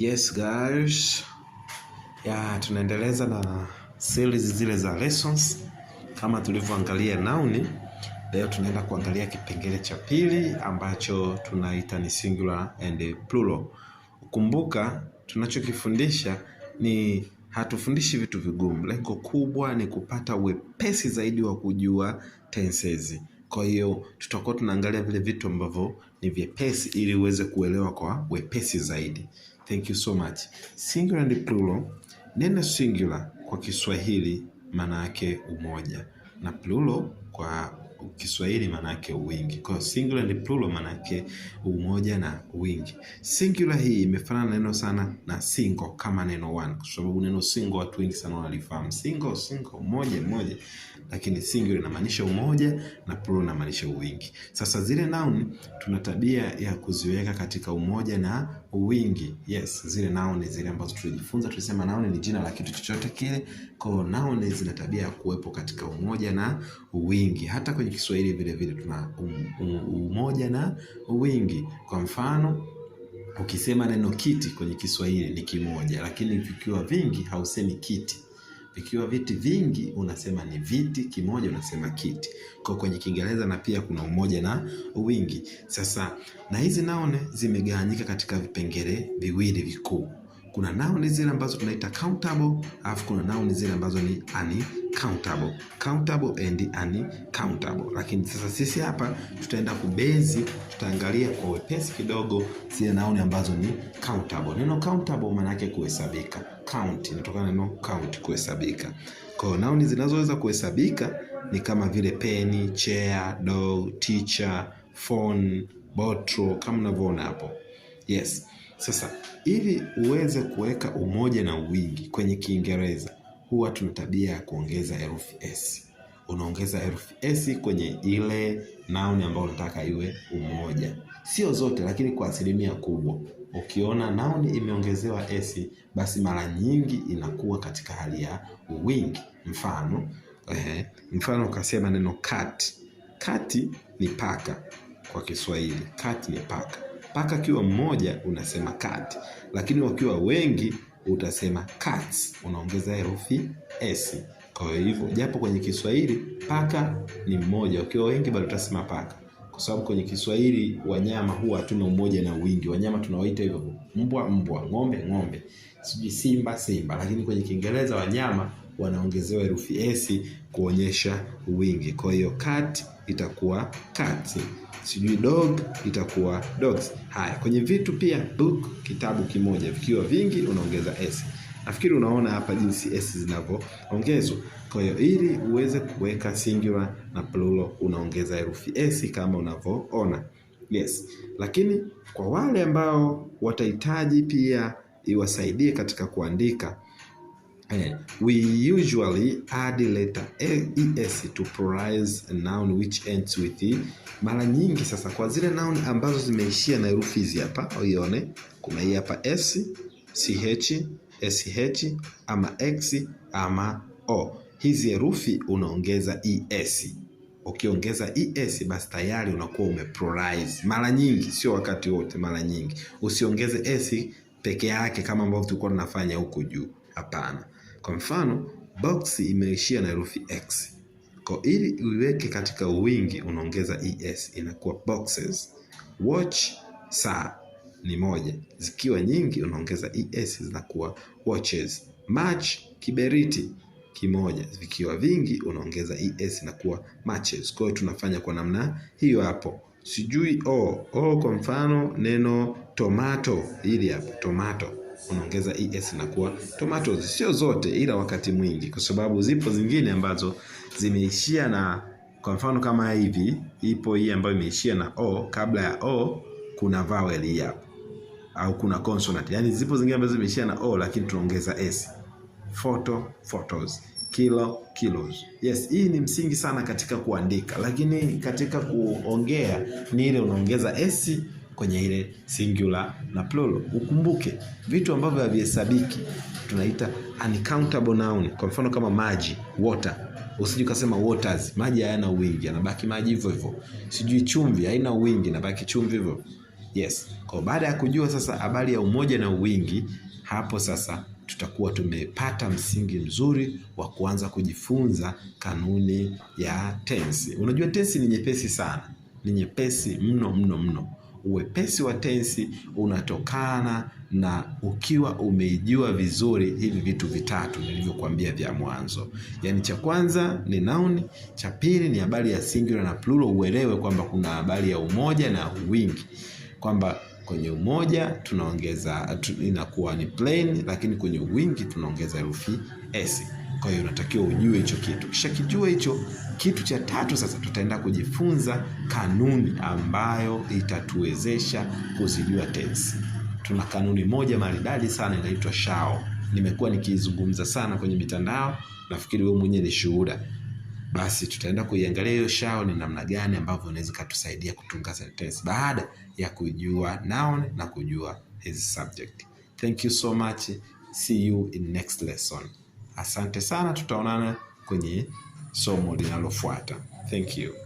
Yes guys. Ya tunaendeleza na series zile za lessons kama tulivyoangalia noun. Leo tunaenda kuangalia kipengele cha pili ambacho tunaita ni singular and plural. Kumbuka tunachokifundisha ni hatufundishi vitu vigumu. Lengo kubwa ni kupata wepesi zaidi wa kujua tenses. Kwa hiyo tutakuwa tunaangalia vile vitu ambavyo ni vyepesi ili uweze kuelewa kwa wepesi zaidi. Thank you so much. Singular and plural. Neno singular kwa Kiswahili maana yake umoja na plural kwa Kiswahili manake wingi. Kwa hiyo singular ni plural manake umoja na wingi. Singular hii imefanana neno sana na single kama neno one, kwa sababu neno single watu wengi sana wanalifahamu single, single, moja moja, lakini singular inamaanisha umoja na plural inamaanisha wingi. Sasa zile noun tuna tabia ya kuziweka katika umoja na wingi. Yes, zile noun zile ambazo tulijifunza tulisema noun ni jina la kitu chochote kile. Kwa hiyo noun zina tabia ya kuwepo katika umoja na wingi hata kwenye kwenye Kiswahili vile vile tuna umoja na wingi. Kwa mfano, ukisema neno kiti kwenye Kiswahili ni kimoja, lakini vikiwa vingi hausemi kiti vikiwa viti vingi unasema ni viti, kimoja unasema kiti. Kwa kwenye Kiingereza na pia kuna umoja na wingi. Sasa na hizi naone zimegawanyika katika vipengele viwili vikuu kuna noun zile ambazo tunaita countable, alafu kuna noun zile ambazo ni uncountable. Countable and uncountable. Lakini sasa sisi hapa tutaenda kubezi, tutaangalia kwa wepesi kidogo zile noun ambazo ni countable. Neno countable maana yake kuhesabika. Count inatokana neno count, kuhesabika. Kwa hiyo noun zinazoweza kuhesabika ni kama vile peni, chair, dog, teacher, phone, bottle kama unavyoona hapo. Yes. Sasa ili uweze kuweka umoja na uwingi kwenye Kiingereza, huwa tuna tabia ya kuongeza herufi s. Unaongeza herufi s kwenye ile noun ambayo unataka iwe umoja. Sio zote, lakini kwa asilimia kubwa, ukiona noun imeongezewa s, basi mara nyingi inakuwa katika hali ya uwingi Mfano ehe, mfano ukasema neno cat. Cat ni paka kwa Kiswahili, cat ni paka Paka akiwa mmoja unasema cat, lakini wakiwa wengi utasema cats, unaongeza herufi s. Kwa hivyo japo kwenye Kiswahili paka ni mmoja, wakiwa wengi bado utasema paka, kwa sababu kwenye Kiswahili wanyama huwa hatuna umoja na wingi. Wanyama tunawaita hivyo, mbwa mbwa, ng'ombe ng'ombe, sijui simba simba, lakini kwenye Kiingereza wanyama wanaongezewa herufi s kuonyesha wingi. Kwa hiyo cat itakuwa cats sijui dog itakuwa dogs. Haya, kwenye vitu pia book, kitabu kimoja, vikiwa vingi unaongeza s. Nafikiri unaona hapa jinsi s zinavyoongezwa. Kwa hiyo ili uweze kuweka singular na plural unaongeza herufi s kama unavyoona. Yes. Lakini kwa wale ambao watahitaji pia iwasaidie katika kuandika Eh, we usually add letter es to pluralize a noun which ends with e. Mara nyingi sasa kwa zile noun ambazo zimeishia na herufi hizi hapa, uione kuna hii hapa s, ch, sh ama x ama o. Hizi herufi unaongeza es. Ukiongeza es basi tayari unakuwa umepluralize. Mara nyingi, sio wakati wote, mara nyingi. Usiongeze s peke yake kama ambavyo tulikuwa tunafanya huku juu. Hapana. Kwa mfano box imeishia na herufi x kwa ili uiweke katika wingi unaongeza es inakuwa boxes. Watch saa ni moja, zikiwa nyingi unaongeza es zinakuwa watches. Match kiberiti kimoja, vikiwa vingi unaongeza es inakuwa matches. Kwa hiyo tunafanya kwa namna hiyo hapo. Sijui o oh, o, oh, kwa mfano neno tomato, hili hapo tomato unaongeza es na kuwa tomatoes. Sio zote, ila wakati mwingi, kwa sababu zipo zingine ambazo zimeishia na, kwa mfano kama hivi, ipo hii ambayo imeishia na o. Kabla ya o kuna vowel hii hapo, au kuna consonant. Yani zipo zingine ambazo zimeishia na o, lakini tunaongeza s. Photo, photos kilo kilos. Yes, hii ni msingi sana katika kuandika, lakini katika kuongea ni ile unaongeza s kwenye ile singular na plural. Ukumbuke vitu ambavyo havihesabiki tunaita uncountable noun. Kwa mfano kama maji, water. Usije ukasema waters, maji hayana wingi, yanabaki maji hivyo hivyo. Sijui chumvi haina wingi, inabaki chumvi hivyo. Yes. Kwa baada ya kujua sasa habari ya umoja na wingi, hapo sasa tutakuwa tumepata msingi mzuri wa kuanza kujifunza kanuni ya tensi. Unajua tensi ni nyepesi sana, ni nyepesi mno mno mno uwepesi wa tensi unatokana na ukiwa umeijua vizuri hivi vitu vitatu nilivyokuambia vya mwanzo. Yaani cha kwanza ni noun, cha pili ni habari ya singular na plural, uelewe kwamba kuna habari ya umoja na wingi. Kwamba kwenye umoja tunaongeza tu, inakuwa ni plain, lakini kwenye wingi tunaongeza herufi s. Kwa hiyo unatakiwa ujue hicho kitu. Kisha kijua hicho kitu, cha tatu sasa tutaenda kujifunza kanuni ambayo itatuwezesha kuzijua tensi. Tuna kanuni moja maridadi sana inaitwa shao. Nimekuwa nikiizungumza sana kwenye mitandao, nafikiri wewe mwenyewe ni shuhuda. Basi tutaenda kuiangalia hiyo shao ni namna gani ambavyo unaweza kutusaidia kutunga sentensi baada ya kujua noun na kujua his subject. Thank you so much. See you in next lesson. Asante sana, tutaonana kwenye somo linalofuata. Thank you.